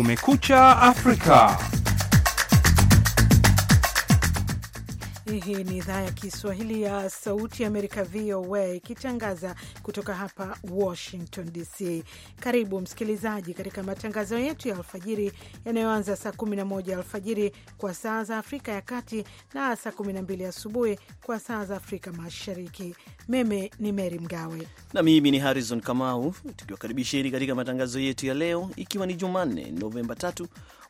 Kumekucha Afrika. Hii ni idhaa ya Kiswahili ya Sauti ya Amerika, VOA, ikitangaza kutoka hapa Washington DC. Karibu msikilizaji katika matangazo yetu ya alfajiri yanayoanza saa 11 alfajiri kwa saa za Afrika ya Kati na saa 12 asubuhi kwa saa za Afrika Mashariki. Mimi ni mery Mgawe na mimi ni Harrison Kamau, tukiwakaribisheni katika matangazo yetu ya leo, ikiwa ni Jumanne Novemba 3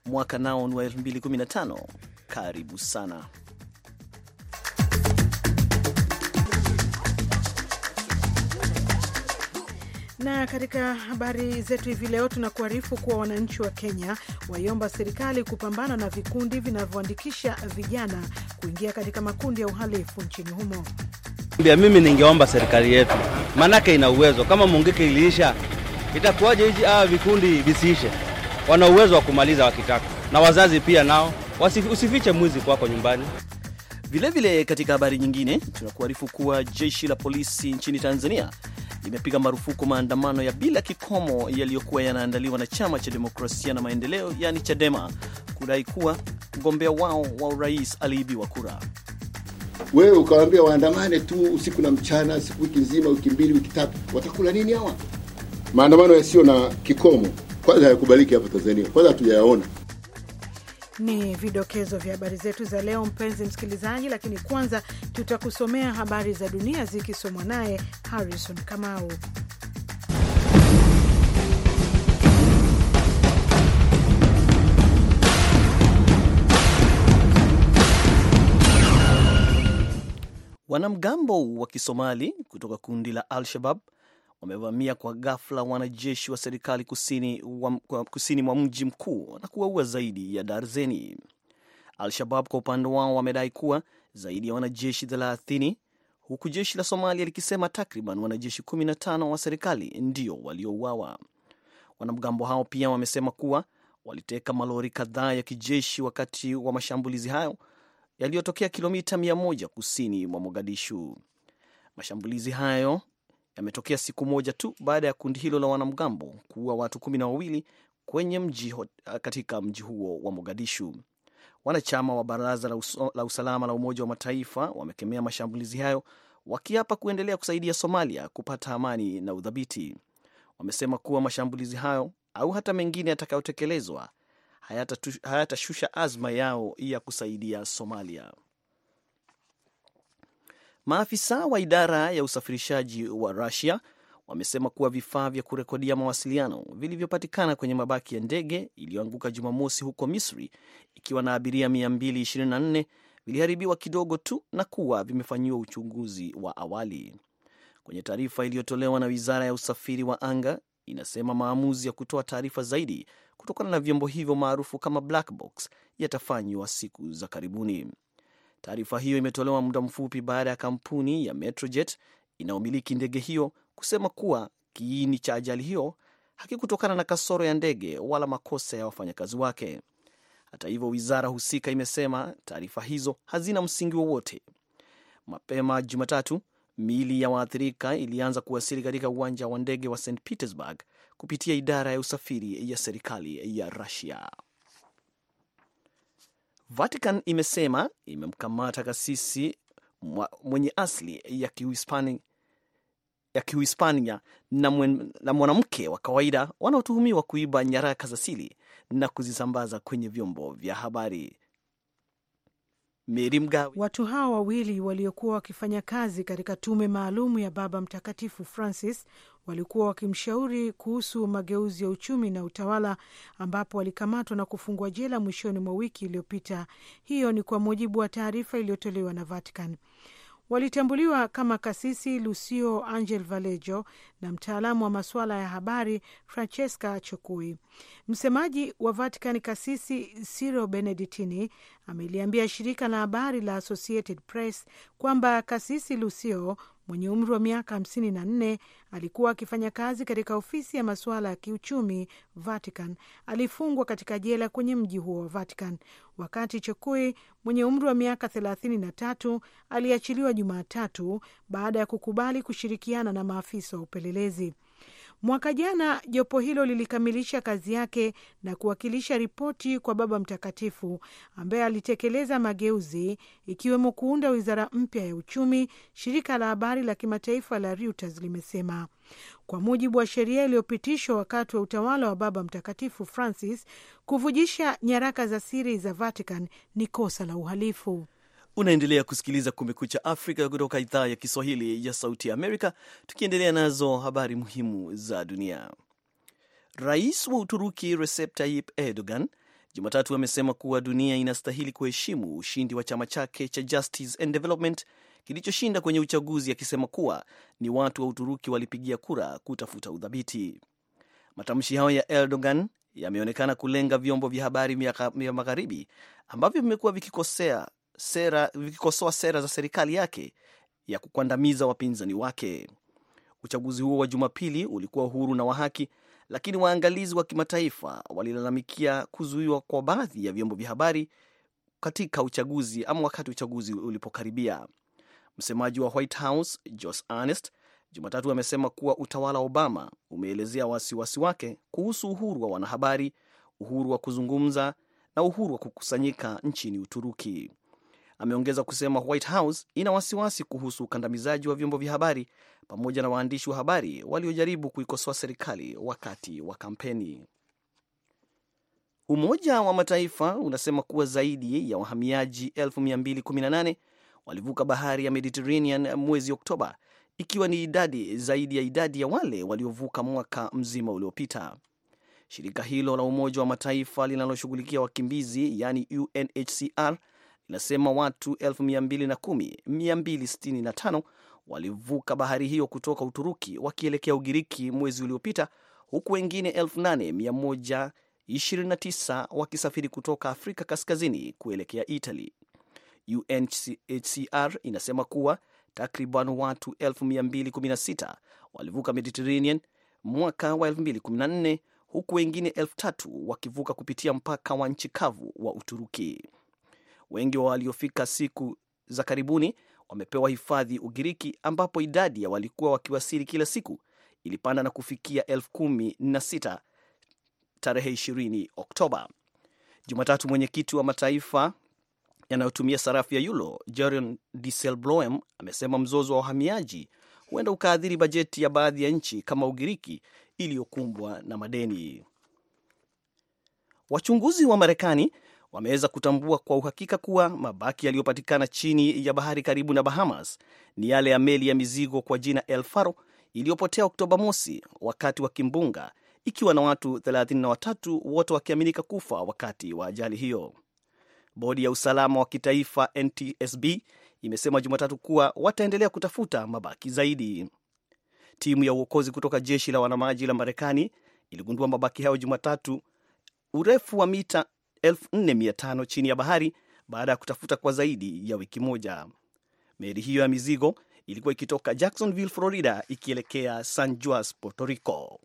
mwaka nao wa 2015. Karibu sana Na katika habari zetu hivi leo tunakuarifu kuwa wananchi wa Kenya waiomba serikali kupambana na vikundi vinavyoandikisha vijana kuingia katika makundi ya uhalifu nchini humo. Mimi ningeomba serikali yetu, maanake ina uwezo. Kama Mungiki iliisha, itakuwaje hizi hawa ah, vikundi visiishe? Wana uwezo wa kumaliza wakitaka, na wazazi pia nao usifiche mwizi kwako nyumbani. Vilevile, katika habari nyingine tunakuarifu kuwa jeshi la polisi nchini Tanzania limepiga marufuku maandamano ya bila kikomo yaliyokuwa yanaandaliwa na chama cha demokrasia na maendeleo, yani Chadema, kudai kuwa mgombea wao wa urais aliibiwa kura. Wewe ukawaambia waandamane tu usiku na mchana, siku wiki nzima, wiki mbili, wiki tatu, watakula nini hawa? Maandamano yasiyo na kikomo kwanza hayakubaliki hapa Tanzania, kwanza hatujayaona ni vidokezo vya habari zetu za leo, mpenzi msikilizaji, lakini kwanza tutakusomea habari za dunia zikisomwa naye Harrison Kamau. Wanamgambo wa Kisomali kutoka kundi la Al-Shabab wamevamia kwa ghafla wanajeshi wa serikali kusini, wa, kusini mwa mji mkuu na kuwaua zaidi ya darzeni. Al-Shabab kwa upande wao wamedai kuwa zaidi ya wanajeshi 30 huku jeshi la Somalia likisema takriban wanajeshi 15 wa serikali ndio waliouawa. Wanamgambo hao pia wamesema kuwa waliteka malori kadhaa ya kijeshi wakati wa mashambulizi hayo yaliyotokea kilomita 100 kusini mwa Mogadishu. Mashambulizi hayo yametokea siku moja tu baada ya kundi hilo la wanamgambo kuua watu kumi na wawili kwenye mji ah, katika mji huo wa Mogadishu. Wanachama wa Baraza la, us la Usalama la Umoja wa Mataifa wamekemea mashambulizi hayo wakiapa kuendelea kusaidia Somalia kupata amani na udhabiti. Wamesema kuwa mashambulizi hayo au hata mengine yatakayotekelezwa hayatashusha hayata azma yao ya kusaidia Somalia. Maafisa wa idara ya usafirishaji wa Rusia wamesema kuwa vifaa vya kurekodia mawasiliano vilivyopatikana kwenye mabaki ya ndege iliyoanguka Jumamosi huko Misri ikiwa na abiria 224 viliharibiwa kidogo tu na kuwa vimefanyiwa uchunguzi wa awali. Kwenye taarifa iliyotolewa na wizara ya usafiri wa anga, inasema maamuzi ya kutoa taarifa zaidi kutokana na vyombo hivyo maarufu kama black box siku za karibuni. Taarifa hiyo imetolewa muda mfupi baada ya kampuni ya Metrojet inayomiliki ndege hiyo kusema kuwa kiini cha ajali hiyo hakikutokana na kasoro ya ndege wala makosa ya wafanyakazi wake. Hata hivyo, wizara husika imesema taarifa hizo hazina msingi wowote. Mapema Jumatatu, miili ya waathirika ilianza kuwasili katika uwanja wa ndege wa St Petersburg kupitia idara ya usafiri ya serikali ya Rusia. Vatican imesema imemkamata kasisi mwenye asili ya Kihispani ya Kihispania na, mwanamke wa kawaida wanaotuhumiwa kuiba nyaraka za siri na kuzisambaza kwenye vyombo vya habari. Meri Mgawe. Watu hao wawili waliokuwa wakifanya kazi katika tume maalum ya Baba Mtakatifu Francis walikuwa wakimshauri kuhusu mageuzi ya uchumi na utawala, ambapo walikamatwa na kufungwa jela mwishoni mwa wiki iliyopita. Hiyo ni kwa mujibu wa taarifa iliyotolewa na Vatican. Walitambuliwa kama kasisi Lucio Angel Valejo na mtaalamu wa masuala ya habari Francesca Chukui. Msemaji wa Vatican Kasisi Siro benedictini ameliambia shirika la habari la Associated Press kwamba Kasisi Lucio mwenye umri wa miaka 54 alikuwa akifanya kazi katika ofisi ya masuala ya kiuchumi Vatican. Alifungwa katika jela kwenye mji huo wa Vatican, wakati Chokui mwenye umri wa miaka 33 aliachiliwa Jumatatu baada ya kukubali kushirikiana na maafisa wa upelelezi upelelezi. Mwaka jana jopo hilo lilikamilisha kazi yake na kuwakilisha ripoti kwa Baba Mtakatifu ambaye alitekeleza mageuzi ikiwemo kuunda wizara mpya ya uchumi. Shirika la habari la kimataifa la Reuters limesema kwa mujibu wa sheria iliyopitishwa wakati wa utawala wa Baba Mtakatifu Francis, kuvujisha nyaraka za siri za Vatican ni kosa la uhalifu. Unaendelea kusikiliza Kumekucha Afrika kutoka idhaa ya Kiswahili ya Sauti ya Amerika, tukiendelea nazo habari muhimu za dunia. Rais wa Uturuki Recep Tayyip Erdogan Jumatatu amesema kuwa dunia inastahili kuheshimu ushindi wa chama chake cha Justice and Development kilichoshinda kwenye uchaguzi, akisema kuwa ni watu wa Uturuki walipigia kura kutafuta udhabiti. Matamshi hayo ya Erdogan yameonekana kulenga vyombo vya habari vya magharibi ambavyo vimekuwa vikikosea sera, vikikosoa sera za serikali yake ya kukwandamiza wapinzani wake. Uchaguzi huo wa Jumapili ulikuwa huru na wa haki, lakini waangalizi wa kimataifa walilalamikia kuzuiwa kwa baadhi ya vyombo vya habari katika uchaguzi ama wakati uchaguzi ulipokaribia. Msemaji wa White House Josh Earnest Jumatatu amesema kuwa utawala wa Obama umeelezea wasiwasi wake kuhusu uhuru wa wanahabari, uhuru wa kuzungumza na uhuru wa kukusanyika nchini Uturuki. Ameongeza kusema White House ina wasiwasi kuhusu ukandamizaji wa vyombo vya habari pamoja na waandishi wa habari waliojaribu kuikosoa serikali wakati wa kampeni. Umoja wa Mataifa unasema kuwa zaidi ya wahamiaji 218 walivuka bahari ya Mediterranean mwezi Oktoba, ikiwa ni idadi zaidi ya idadi ya wale waliovuka mwaka mzima uliopita. Shirika hilo la Umoja wa Mataifa linaloshughulikia wakimbizi, yani UNHCR, inasema watu 265 walivuka bahari hiyo kutoka Uturuki wakielekea Ugiriki mwezi uliopita, huku wengine 8129 wakisafiri kutoka Afrika Kaskazini kuelekea Italy. UNHCR inasema kuwa takriban watu 216 walivuka Mediterranean mwaka wa 2014 huku wengine 3 wakivuka kupitia mpaka wa nchi kavu wa Uturuki. Wengi wa waliofika siku za karibuni wamepewa hifadhi Ugiriki, ambapo idadi ya walikuwa wakiwasili kila siku ilipanda na kufikia elfu kumi na sita tarehe 20 Oktoba. Jumatatu, mwenyekiti wa mataifa yanayotumia sarafu ya yulo Jeroen Dijsselbloem amesema mzozo wa wahamiaji huenda ukaathiri bajeti ya baadhi ya nchi kama Ugiriki iliyokumbwa na madeni. Wachunguzi wa Marekani wameweza kutambua kwa uhakika kuwa mabaki yaliyopatikana chini ya bahari karibu na Bahamas ni yale ya meli ya mizigo kwa jina El Faro iliyopotea Oktoba mosi wakati wa kimbunga ikiwa na watu 33 wote wakiaminika kufa wakati wa ajali hiyo. Bodi ya usalama wa kitaifa NTSB imesema Jumatatu kuwa wataendelea kutafuta mabaki zaidi. Timu ya uokozi kutoka jeshi la wanamaji la Marekani iligundua mabaki hayo Jumatatu, urefu wa mita 45 chini ya bahari baada ya kutafuta kwa zaidi ya wiki moja. Meli hiyo ya mizigo ilikuwa ikitoka Jacksonville, Florida, ikielekea San juas Puerto Rico.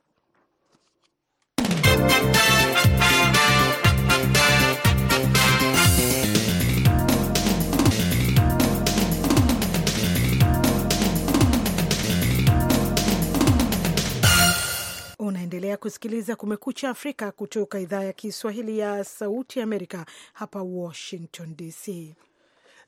Unaendelea kusikiliza Kumekucha Afrika kutoka idhaa ya Kiswahili ya Sauti Amerika hapa Washington DC.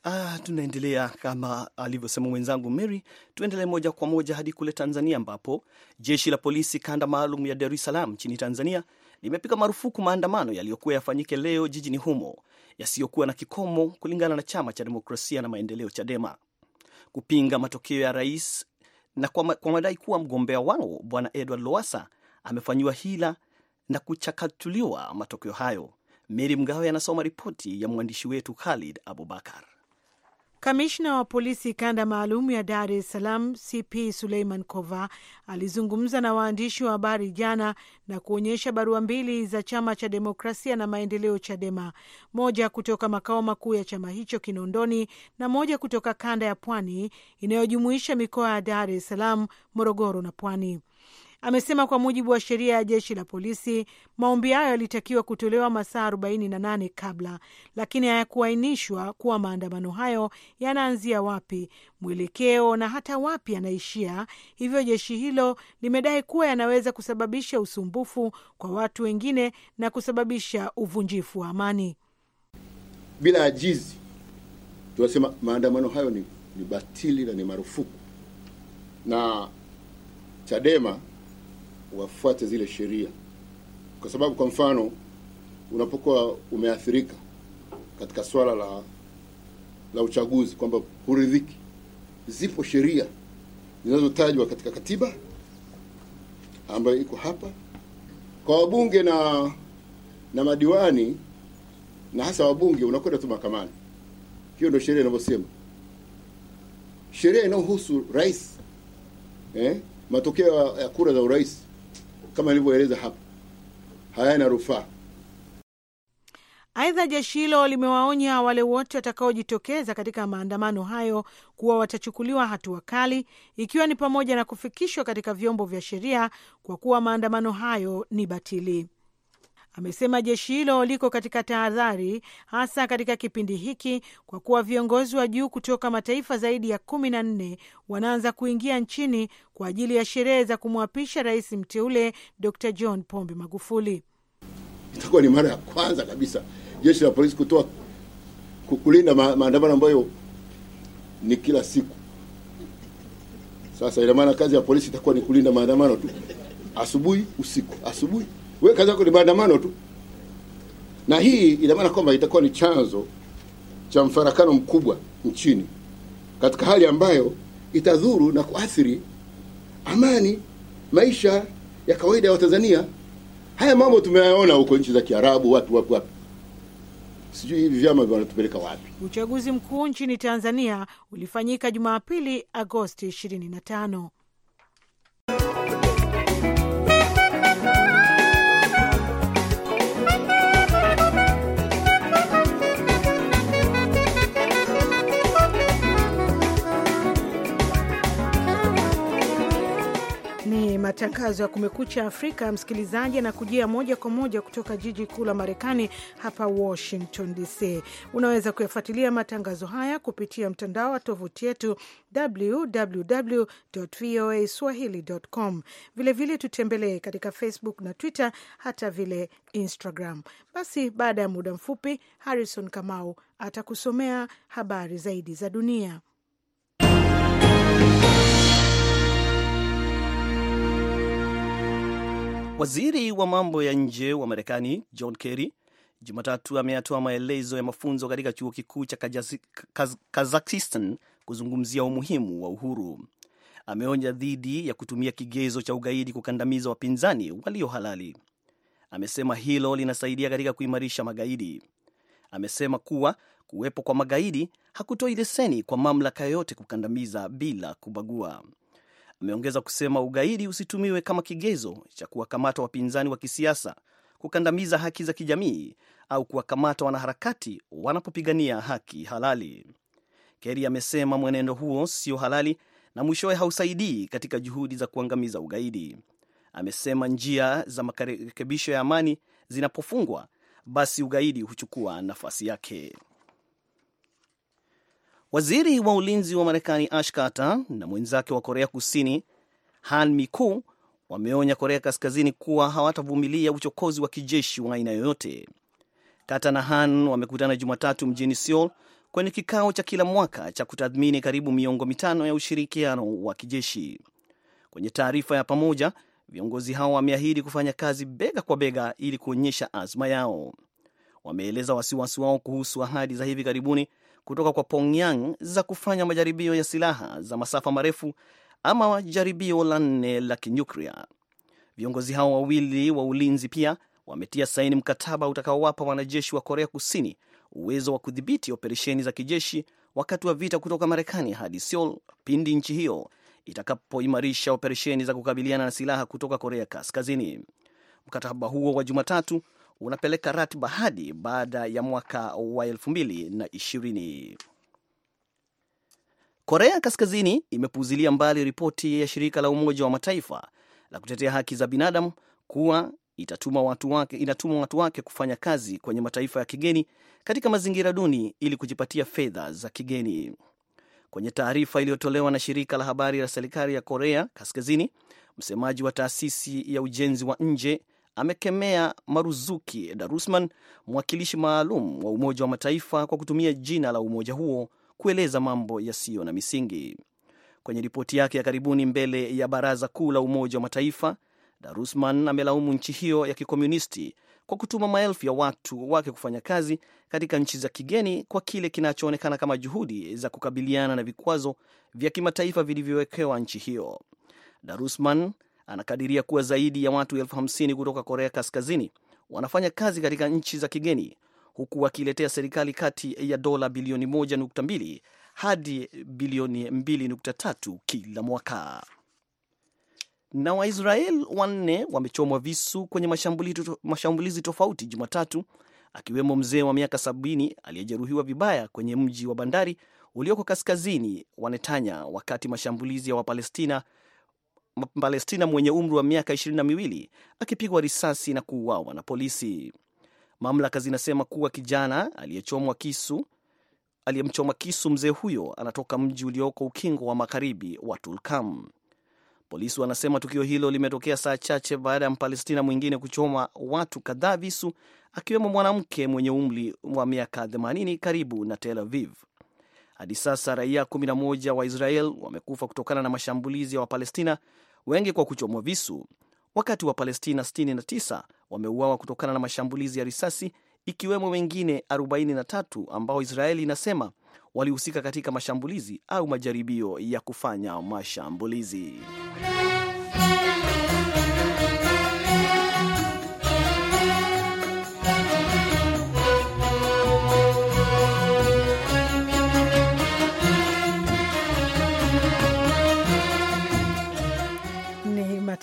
Ah, tunaendelea kama alivyosema mwenzangu Mary, tuendelee moja kwa moja hadi kule Tanzania ambapo jeshi la polisi kanda maalum ya Dar es Salaam nchini Tanzania limepiga marufuku maandamano yaliyokuwa yafanyike leo jijini humo yasiyokuwa na kikomo, kulingana na chama cha demokrasia na maendeleo Chadema, kupinga matokeo ya rais na kwa, ma kwa madai kuwa mgombea wao bwana Edward Lowassa amefanyiwa hila na kuchakatuliwa matokeo hayo. Meri Mgawe anasoma ripoti ya mwandishi wetu Khalid Abubakar. Kamishna wa polisi kanda maalum ya Dar es Salaam CP Suleiman Kova alizungumza na waandishi wa habari jana na kuonyesha barua mbili za chama cha demokrasia na maendeleo CHADEMA, moja kutoka makao makuu ya chama hicho Kinondoni na moja kutoka kanda ya Pwani inayojumuisha mikoa ya Dar es Salaam, Morogoro na Pwani. Amesema kwa mujibu wa sheria ya jeshi la polisi, maombi hayo yalitakiwa kutolewa masaa 48 kabla, lakini hayakuainishwa kuwa maandamano hayo yanaanzia wapi, mwelekeo na hata wapi yanaishia. Hivyo jeshi hilo limedai kuwa yanaweza kusababisha usumbufu kwa watu wengine na kusababisha uvunjifu wa amani. Bila ajizi, tunasema maandamano hayo ni, ni batili na ni marufuku na Chadema wafuate zile sheria, kwa sababu kwa mfano unapokuwa umeathirika katika swala la la uchaguzi kwamba huridhiki, zipo sheria zinazotajwa katika katiba ambayo iko hapa kwa wabunge na na madiwani na hasa wabunge, unakwenda tu mahakamani. Hiyo ndio sheria inavyosema, sheria inayohusu rais eh, matokeo ya kura za urais kama ilivyoeleza hapo, hayana rufaa. Aidha, jeshi hilo limewaonya wale wote watakaojitokeza katika maandamano hayo kuwa watachukuliwa hatua kali, ikiwa ni pamoja na kufikishwa katika vyombo vya sheria kwa kuwa maandamano hayo ni batili. Amesema jeshi hilo liko katika tahadhari, hasa katika kipindi hiki, kwa kuwa viongozi wa juu kutoka mataifa zaidi ya kumi na nne wanaanza kuingia nchini kwa ajili ya sherehe za kumwapisha rais mteule Dr John Pombe Magufuli. Itakuwa ni mara ya kwanza kabisa jeshi la polisi kutoa kulinda maandamano ambayo ni kila siku. Sasa ina maana kazi ya polisi itakuwa ni kulinda maandamano tu, asubuhi usiku, asubuhi wewe kazi yako ni maandamano tu, na hii ina maana kwamba itakuwa ni chanzo cha mfarakano mkubwa nchini katika hali ambayo itadhuru na kuathiri amani, maisha ya kawaida ya Watanzania. Haya mambo tumeyaona huko nchi za Kiarabu, watu wapi wapi, sijui hivi vyama vinatupeleka wapi. Uchaguzi mkuu nchini Tanzania ulifanyika Jumapili, Agosti 25. matangazo ya Kumekucha Afrika, msikilizaji anakujia moja kwa moja kutoka jiji kuu la Marekani, hapa Washington DC. Unaweza kuyafuatilia matangazo haya kupitia mtandao wa tovuti yetu www voa swahili.com. Vilevile tutembelee katika Facebook na Twitter, hata vile Instagram. Basi baada ya muda mfupi, Harrison Kamau atakusomea habari zaidi za dunia. Waziri wa mambo ya nje wa Marekani John Kerry Jumatatu ameyatoa maelezo ya mafunzo katika chuo kikuu cha Kaz Kazakhstan kuzungumzia umuhimu wa uhuru. Ameonya dhidi ya kutumia kigezo cha ugaidi kukandamiza wapinzani walio halali. Amesema hilo linasaidia katika kuimarisha magaidi. Amesema kuwa kuwepo kwa magaidi hakutoi leseni kwa mamlaka yoyote kukandamiza bila kubagua. Ameongeza kusema ugaidi usitumiwe kama kigezo cha kuwakamata wapinzani wa kisiasa, kukandamiza haki za kijamii au kuwakamata wanaharakati wanapopigania haki halali. keri amesema mwenendo huo sio halali na mwishowe hausaidii katika juhudi za kuangamiza ugaidi. Amesema njia za marekebisho ya amani zinapofungwa, basi ugaidi huchukua nafasi yake. Waziri wa ulinzi wa Marekani Ash Carter na mwenzake wa Korea Kusini Han Miku wameonya Korea Kaskazini kuwa hawatavumilia uchokozi wa kijeshi wa aina yoyote. Carter na Han wamekutana Jumatatu mjini Seoul kwenye kikao cha kila mwaka cha kutathmini karibu miongo mitano ya ushirikiano wa kijeshi. Kwenye taarifa ya pamoja, viongozi hao wameahidi kufanya kazi bega kwa bega ili kuonyesha azma yao. Wameeleza wasiwasi wao kuhusu ahadi za hivi karibuni kutoka kwa Pyongyang za kufanya majaribio ya silaha za masafa marefu ama jaribio la nne la kinyuklia. Viongozi hao wawili wa ulinzi pia wametia saini mkataba utakaowapa wanajeshi wa Korea Kusini uwezo wa kudhibiti operesheni za kijeshi wakati wa vita kutoka Marekani hadi Seoul pindi nchi hiyo itakapoimarisha operesheni za kukabiliana na silaha kutoka Korea Kaskazini. Mkataba huo wa Jumatatu unapeleka ratiba hadi baada ya mwaka wa elfu mbili na ishirini. Korea Kaskazini imepuuzilia mbali ripoti ya shirika la Umoja wa Mataifa la kutetea haki za binadamu kuwa itatuma watu wake, inatuma watu wake kufanya kazi kwenye mataifa ya kigeni katika mazingira duni ili kujipatia fedha za kigeni. Kwenye taarifa iliyotolewa na shirika la habari la serikali ya Korea Kaskazini, msemaji wa taasisi ya ujenzi wa nje amekemea Maruzuki Darusman, mwakilishi maalum wa Umoja wa Mataifa, kwa kutumia jina la umoja huo kueleza mambo yasiyo na misingi. Kwenye ripoti yake ya karibuni mbele ya Baraza Kuu la Umoja wa Mataifa, Darusman amelaumu nchi hiyo ya kikomunisti kwa kutuma maelfu ya watu wake kufanya kazi katika nchi za kigeni kwa kile kinachoonekana kama juhudi za kukabiliana na vikwazo vya kimataifa vilivyowekewa nchi hiyo. Darusman anakadiria kuwa zaidi ya watu elfu hamsini kutoka Korea Kaskazini wanafanya kazi katika nchi za kigeni huku wakiletea serikali kati ya dola bilioni 1.2 hadi bilioni 2.3 kila mwaka. Na Waisrael wanne wamechomwa visu kwenye mashambulizi tofauti Jumatatu, akiwemo mzee wa miaka 70 aliyejeruhiwa vibaya kwenye mji wa bandari ulioko kaskazini wa Netanya wakati mashambulizi ya Wapalestina Mpalestina mwenye umri wa miaka ishirini na miwili akipigwa risasi na kuuawa na polisi. Mamlaka zinasema kuwa kijana aliyechomwa kisu aliyemchoma kisu mzee huyo anatoka mji ulioko ukingo wa magharibi wa Tulkam. Polisi wanasema tukio hilo limetokea saa chache baada ya Mpalestina mwingine kuchoma watu kadhaa visu, akiwemo mwanamke mwenye umri wa miaka 80 karibu na Tel Aviv. Hadi sasa raia 11 wa Israel wamekufa kutokana na mashambulizi ya Wapalestina wengi kwa kuchomwa visu, wakati wa Palestina 69 wameuawa kutokana na mashambulizi ya risasi, ikiwemo wengine 43 ambao Israeli inasema walihusika katika mashambulizi au majaribio ya kufanya mashambulizi.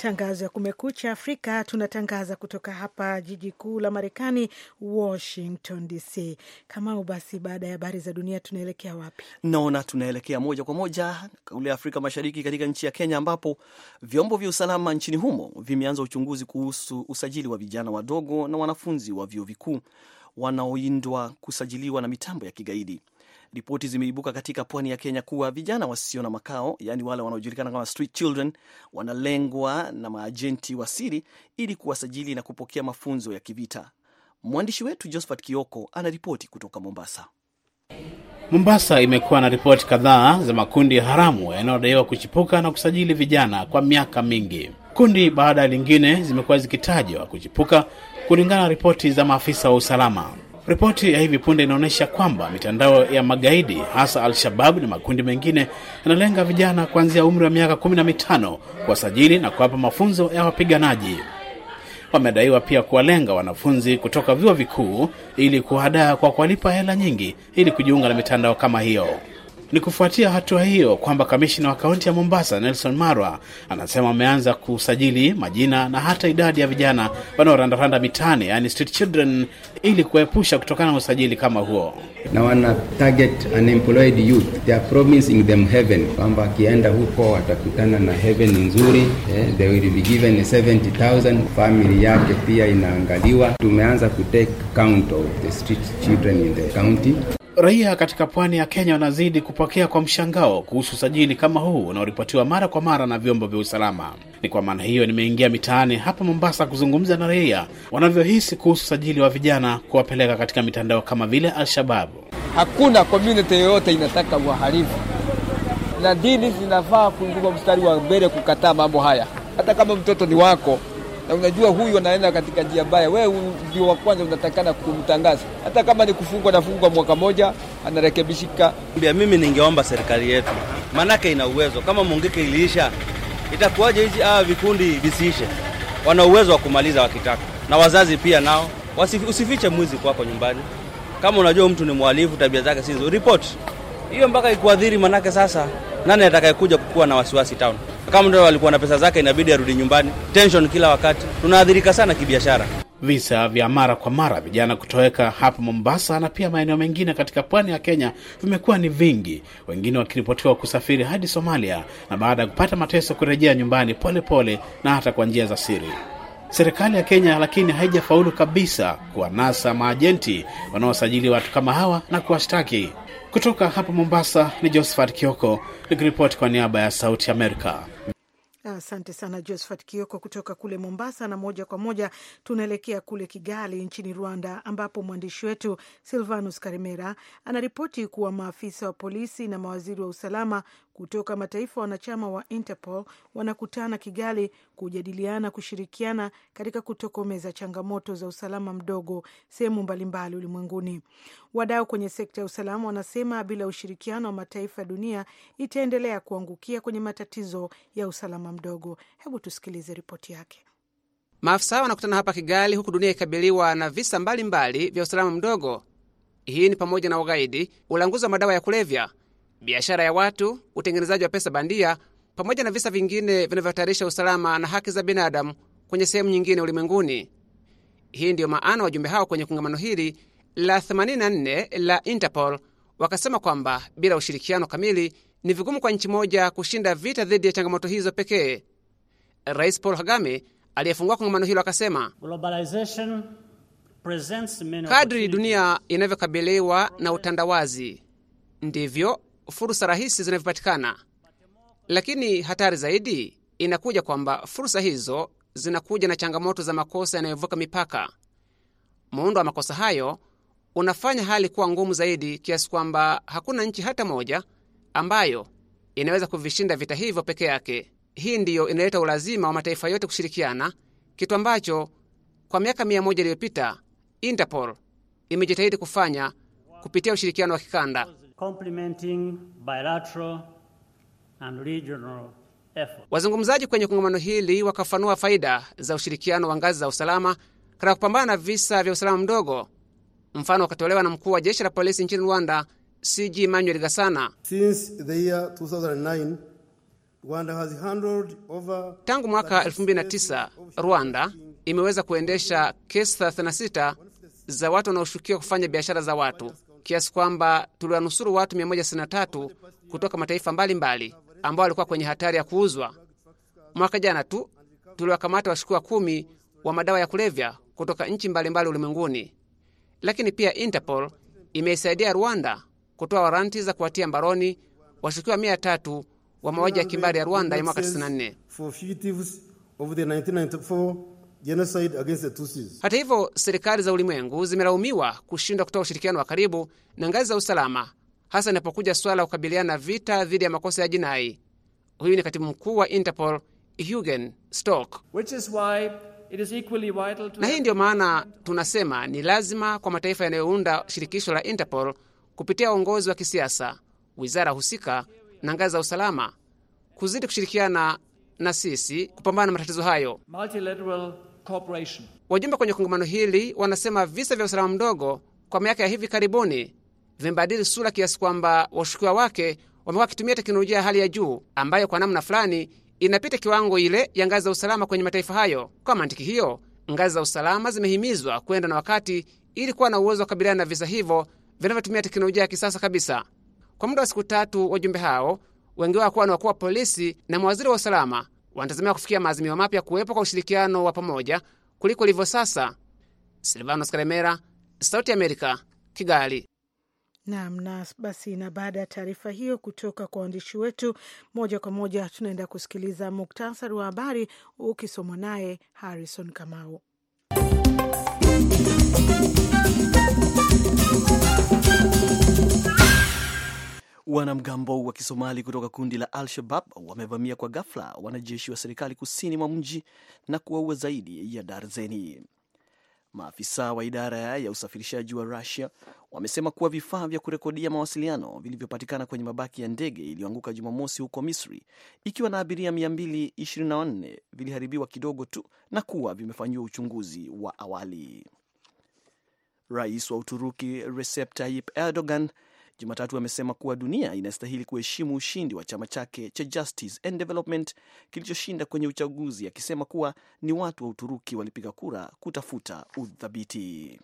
matangazo ya Kumekucha Afrika. Tunatangaza kutoka hapa jiji kuu la Marekani, Washington DC. Kamau, basi baada ya habari za dunia tunaelekea wapi? Naona tunaelekea moja kwa moja kule Afrika Mashariki, katika nchi ya Kenya, ambapo vyombo vya usalama nchini humo vimeanza uchunguzi kuhusu usajili wa vijana wadogo na wanafunzi wa vyuo vikuu wanaoindwa kusajiliwa na mitambo ya kigaidi. Ripoti zimeibuka katika pwani ya Kenya kuwa vijana wasio na makao, yaani wale wanaojulikana kama street children, wanalengwa na maajenti wa siri ili kuwasajili na kupokea mafunzo ya kivita. Mwandishi wetu Josephat Kioko anaripoti kutoka Mombasa. Mombasa imekuwa na ripoti kadhaa za makundi ya haramu yanayodaiwa kuchipuka na kusajili vijana kwa miaka mingi. Kundi baada ya lingine zimekuwa zikitajwa kuchipuka kulingana na ripoti za maafisa wa usalama. Ripoti ya hivi punde inaonyesha kwamba mitandao ya magaidi hasa Al-Shabab na makundi mengine yanalenga vijana kuanzia umri wa miaka kumi na mitano kuwasajili na kuwapa mafunzo ya wapiganaji. Wamedaiwa pia kuwalenga wanafunzi kutoka vyuo vikuu ili kuhadaa kwa kuwalipa hela nyingi ili kujiunga na mitandao kama hiyo. Ni kufuatia hatua hiyo kwamba kamishina wa kaunti ya Mombasa Nelson Marwa anasema ameanza kusajili majina na hata idadi ya vijana wanaorandaranda mitaani, yani street children, ili kuepusha kutokana na usajili kama huo. Na wana target unemployed youth, they are promising them heaven, kwamba akienda huko watakutana na heaven nzuri, yeah, they will be given 70,000. Family yake pia inaangaliwa. Tumeanza kutake count of the street children in the county. Raia katika pwani ya Kenya wanazidi kupokea kwa mshangao kuhusu usajili kama huu unaoripotiwa mara kwa mara na vyombo vya usalama. Ni kwa maana hiyo nimeingia mitaani hapa Mombasa kuzungumza na raia wanavyohisi kuhusu usajili wa vijana kuwapeleka katika mitandao kama vile Alshababu. Hakuna community yoyote inataka uhalifu, na dini zinafaa kuingia mstari wa mbele kukataa mambo haya. Hata kama mtoto ni wako na unajua huyu anaenda katika njia mbaya, wewe ndio wa kwanza unatakana kumtangaza, hata kama ni kufungwa, nafungwa mwaka moja, anarekebishika. Mimi ningeomba serikali yetu, maanake ina uwezo. Kama Mungike iliisha, itakuwaje hizi aa ah, vikundi visiishe? Wana uwezo wa kumaliza wakitaka, na wazazi pia nao wasifi, usifiche mwizi kwako nyumbani. Kama unajua mtu ni mwalifu tabia zake si nzuri, ripoti hiyo mpaka ikuadhiri, manake sasa nani atakayekuja kukuwa na wasiwasi town? Kama ndio alikuwa na pesa zake, inabidi arudi nyumbani. Tension kila wakati, tunaathirika sana kibiashara. Visa vya mara kwa mara vijana kutoweka hapa Mombasa na pia maeneo mengine katika pwani ya Kenya vimekuwa ni vingi, wengine wakiripotiwa kusafiri hadi Somalia na baada ya kupata mateso kurejea nyumbani polepole pole, na hata kwa njia za siri. Serikali ya Kenya lakini haijafaulu kabisa kuwanasa maajenti wanaosajili watu kama hawa na kuwashtaki. Kutoka hapa Mombasa ni Josephat Kioko nikiripoti kwa niaba ya Sauti Amerika. Asante sana Josphat Kioko kutoka kule Mombasa, na moja kwa moja tunaelekea kule Kigali nchini Rwanda, ambapo mwandishi wetu Silvanus Karimera anaripoti kuwa maafisa wa polisi na mawaziri wa usalama kutoka mataifa wanachama wa Interpol wanakutana Kigali kujadiliana kushirikiana katika kutokomeza changamoto za usalama mdogo sehemu mbalimbali ulimwenguni. Wadau kwenye sekta ya usalama wanasema bila ushirikiano wa mataifa ya dunia itaendelea kuangukia kwenye matatizo ya usalama mdogo. Hebu tusikilize ripoti yake. Maafisa wanakutana hapa Kigali huku dunia ikabiliwa na visa mbalimbali mbali vya usalama mdogo. Hii ni pamoja na ugaidi, ulanguzi wa madawa ya kulevya biashara ya watu, utengenezaji wa pesa bandia, pamoja na visa vingine vinavyohatarisha usalama na haki za binadamu kwenye sehemu nyingine ulimwenguni. Hii ndiyo maana wajumbe hao kwenye kongamano hili la 84 la Interpol wakasema kwamba bila ushirikiano kamili ni vigumu kwa nchi moja kushinda vita dhidi ya changamoto hizo pekee. Rais Paul Kagame aliyefungua kongamano hilo akasema, kadri dunia inavyokabiliwa na utandawazi ndivyo fursa rahisi zinavyopatikana, lakini hatari zaidi inakuja kwamba fursa hizo zinakuja na changamoto za makosa yanayovuka mipaka. Muundo wa makosa hayo unafanya hali kuwa ngumu zaidi, kiasi kwamba hakuna nchi hata moja ambayo inaweza kuvishinda vita hivyo peke yake. Hii ndiyo inaleta ulazima wa mataifa yote kushirikiana, kitu ambacho kwa miaka mia moja iliyopita Interpol imejitahidi kufanya kupitia ushirikiano wa kikanda complementing bilateral and regional Wazungumzaji kwenye kongamano hili wakafanua faida za ushirikiano wa ngazi za usalama katika kupambana na visa vya usalama mdogo. Mfano wakatolewa na mkuu wa jeshi la polisi nchini Rwanda, CG Manuel Gasana. Since the year 2009, has handled over... tangu mwaka 2009 Rwanda imeweza kuendesha kesi 36 za watu wanaoshukiwa kufanya biashara za watu kiasi kwamba tuliwanusuru watu 163 kutoka mataifa mbalimbali ambao walikuwa kwenye hatari ya kuuzwa. Mwaka jana tu tuliwakamata washukiwa kumi wa madawa ya kulevya kutoka nchi mbalimbali ulimwenguni. Lakini pia Interpol imeisaidia Rwanda kutoa waranti za kuwatia mbaroni washukiwa 3 wa mauaji ya kimbari ya Rwanda ya mwaka 94 genocide against the Tutsis. Hata hivyo, serikali za ulimwengu zimelaumiwa kushindwa kutoa ushirikiano wa karibu na ngazi za usalama, hasa inapokuja swala la kukabiliana na vita dhidi ya makosa ya jinai. Huyu ni katibu mkuu wa Interpol Hugen Stock. Na hii ndiyo maana tunasema ni lazima kwa mataifa yanayounda shirikisho la Interpol kupitia uongozi wa kisiasa, wizara husika na ngazi za usalama kuzidi kushirikiana na sisi kupambana na matatizo hayo. Multilateral Wajumbe kwenye kongamano hili wanasema visa vya usalama mdogo kwa miaka ya hivi karibuni vimebadili sura kiasi kwamba washukiwa wake wamekuwa wakitumia teknolojia ya hali ya juu ambayo kwa namna fulani inapita kiwango ile ya ngazi za usalama kwenye mataifa hayo. Kwa mantiki hiyo, ngazi za usalama zimehimizwa kwenda na wakati ili kuwa na uwezo wa kabiliana na visa hivyo vinavyotumia teknolojia ya kisasa kabisa. Kwa muda wa siku tatu, wajumbe hao wengi wao kuwa na wakuu wa polisi na mawaziri wa usalama wanatazamia kufikia maazimio mapya kuwepo kwa ushirikiano wa pamoja kuliko ilivyo sasa. Silvanos Karemera, Sauti ya Amerika, Kigali. Naam, na basi, na baada ya taarifa hiyo kutoka kwa waandishi wetu, moja kwa moja tunaenda kusikiliza muktasari wa habari ukisomwa naye Harrison Kamau. Wanamgambo wa Kisomali kutoka kundi la Al-Shabab wamevamia kwa ghafla wanajeshi wa serikali kusini mwa mji na kuwaua zaidi ya darzeni. Maafisa wa idara ya usafirishaji wa Rusia wamesema kuwa vifaa vya kurekodia mawasiliano vilivyopatikana kwenye mabaki ya ndege iliyoanguka Jumamosi huko Misri ikiwa na abiria 224 viliharibiwa kidogo tu na kuwa vimefanyiwa uchunguzi wa awali. Rais wa Uturuki Recep Tayyip Erdogan Jumatatu amesema kuwa dunia inastahili kuheshimu ushindi wa chama chake cha Justice and Development kilichoshinda kwenye uchaguzi, akisema kuwa ni watu wa Uturuki walipiga kura kutafuta uthabiti.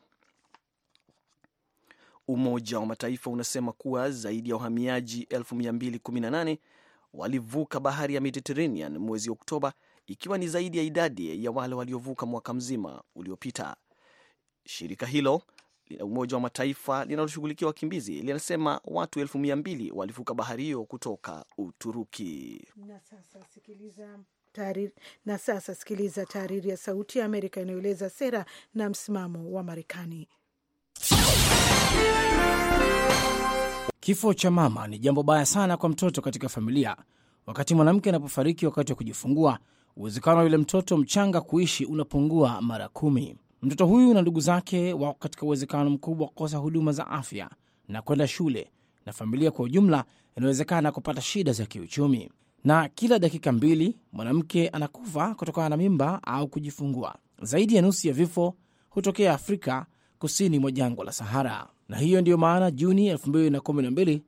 Umoja wa Mataifa unasema kuwa zaidi ya wahamiaji 218 walivuka bahari ya Mediterranean mwezi Oktoba, ikiwa ni zaidi ya idadi ya wale waliovuka mwaka mzima uliopita. Shirika hilo Umoja wa Mataifa linaloshughulikia wakimbizi linasema watu elfu mia mbili walivuka bahari hiyo kutoka Uturuki. Na sasa sikiliza Tahariri. Na sasa sikiliza tahariri ya Sauti ya Amerika inayoeleza sera na msimamo wa Marekani. Kifo cha mama ni jambo baya sana kwa mtoto katika familia. Wakati mwanamke anapofariki wakati wa kujifungua, uwezekano wa yule mtoto mchanga kuishi unapungua mara kumi. Mtoto huyu na ndugu zake wako katika uwezekano mkubwa wa kukosa huduma za afya na kwenda shule, na familia kwa ujumla inawezekana kupata shida za kiuchumi. Na kila dakika mbili mwanamke anakufa kutokana na mimba au kujifungua. Zaidi ya nusu ya vifo hutokea Afrika kusini mwa jangwa la Sahara, na hiyo ndiyo maana Juni 2012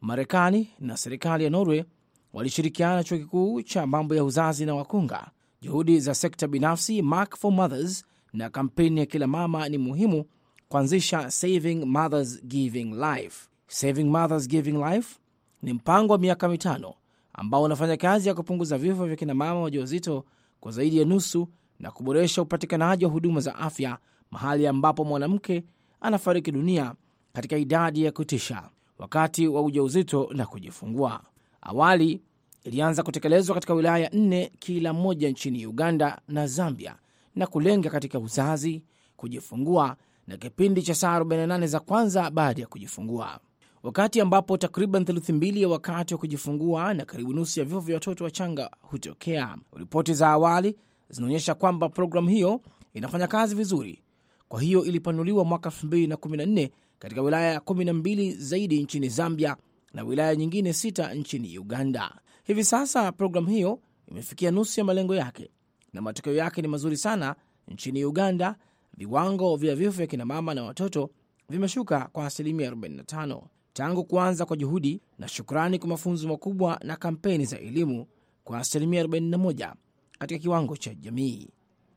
Marekani na serikali ya Norway walishirikiana na chuo kikuu cha mambo ya uzazi na wakunga, juhudi za sekta binafsi Mark for Mothers na kampeni ya kila mama ni muhimu kuanzisha Saving Mothers Giving Life. Saving Mothers Giving Life ni mpango wa miaka mitano ambao unafanya kazi ya kupunguza vifo vya kina mama wajawazito kwa zaidi ya nusu na kuboresha upatikanaji wa huduma za afya mahali ambapo mwanamke anafariki dunia katika idadi ya kutisha wakati wa ujauzito na kujifungua. Awali ilianza kutekelezwa katika wilaya nne kila moja nchini Uganda na Zambia na kulenga katika uzazi, kujifungua na kipindi cha saa 48 za kwanza baada ya kujifungua, wakati ambapo takriban theluthi mbili ya wakati wa kujifungua na karibu nusu ya vifo vya watoto wachanga hutokea. Ripoti za awali zinaonyesha kwamba programu hiyo inafanya kazi vizuri, kwa hiyo ilipanuliwa mwaka 214 katika wilaya 12 zaidi nchini Zambia na wilaya nyingine sita nchini Uganda. Hivi sasa programu hiyo imefikia nusu ya malengo yake na matokeo yake ni mazuri sana. Nchini Uganda, viwango vya vifo vya kinamama na watoto vimeshuka kwa asilimia 45 tangu kuanza kwa juhudi na shukrani kwa mafunzo makubwa na kampeni za elimu kwa asilimia 41 katika kiwango cha jamii.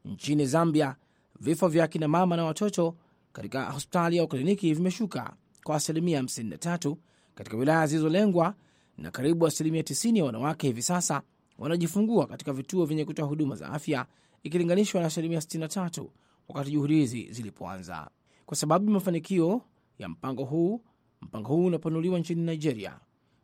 Nchini Zambia, vifo vya kinamama na watoto katika hospitali au kliniki vimeshuka kwa asilimia 53 katika wilaya zilizolengwa na karibu asilimia 90 ya wanawake hivi sasa wanajifungua katika vituo vyenye kutoa huduma za afya ikilinganishwa na asilimia 63 wakati juhudi hizi zilipoanza. Kwa sababu ya mafanikio ya mpango huu, mpango huu unapanuliwa nchini Nigeria,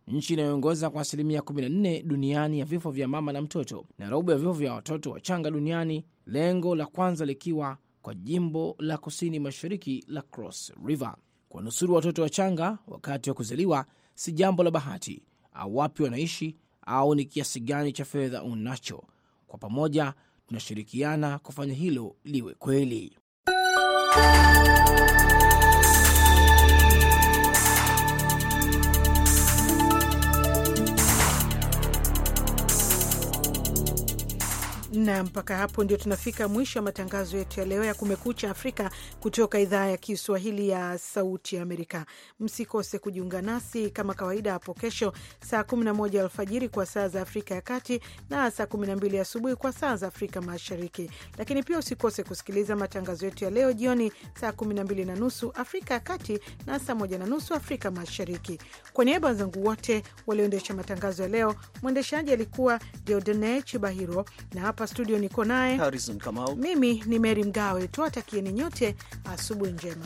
nchi inayoongoza kwa asilimia 14 duniani ya vifo vya mama na mtoto na robo ya vifo vya watoto wachanga duniani, lengo la kwanza likiwa kwa jimbo la kusini mashariki la Cross River. Kuwanusuru watoto wachanga wakati wa kuzaliwa si jambo la bahati au wapi wanaishi au ni kiasi gani cha fedha unacho. Kwa pamoja tunashirikiana kufanya hilo liwe kweli. na mpaka hapo ndio tunafika mwisho wa matangazo yetu ya leo ya Kumekucha Afrika kutoka idhaa ya Kiswahili ya Sauti ya Amerika. Msikose kujiunga nasi kama kawaida hapo kesho saa 11 alfajiri kwa saa za Afrika ya Kati na saa 12 asubuhi kwa saa za Afrika Mashariki. Lakini pia usikose kusikiliza matangazo yetu ya leo jioni saa 12 na nusu Afrika ya Kati na saa 1 na nusu Afrika Mashariki. Kwa niaba ya wenzangu wote walioendesha matangazo ya leo, mwendeshaji alikuwa Deodene Chibahiro na hapa studio niko naye Harrison Kamau, mimi ni Mary Mgawe. Tuwatakieni nyote asubuhi njema.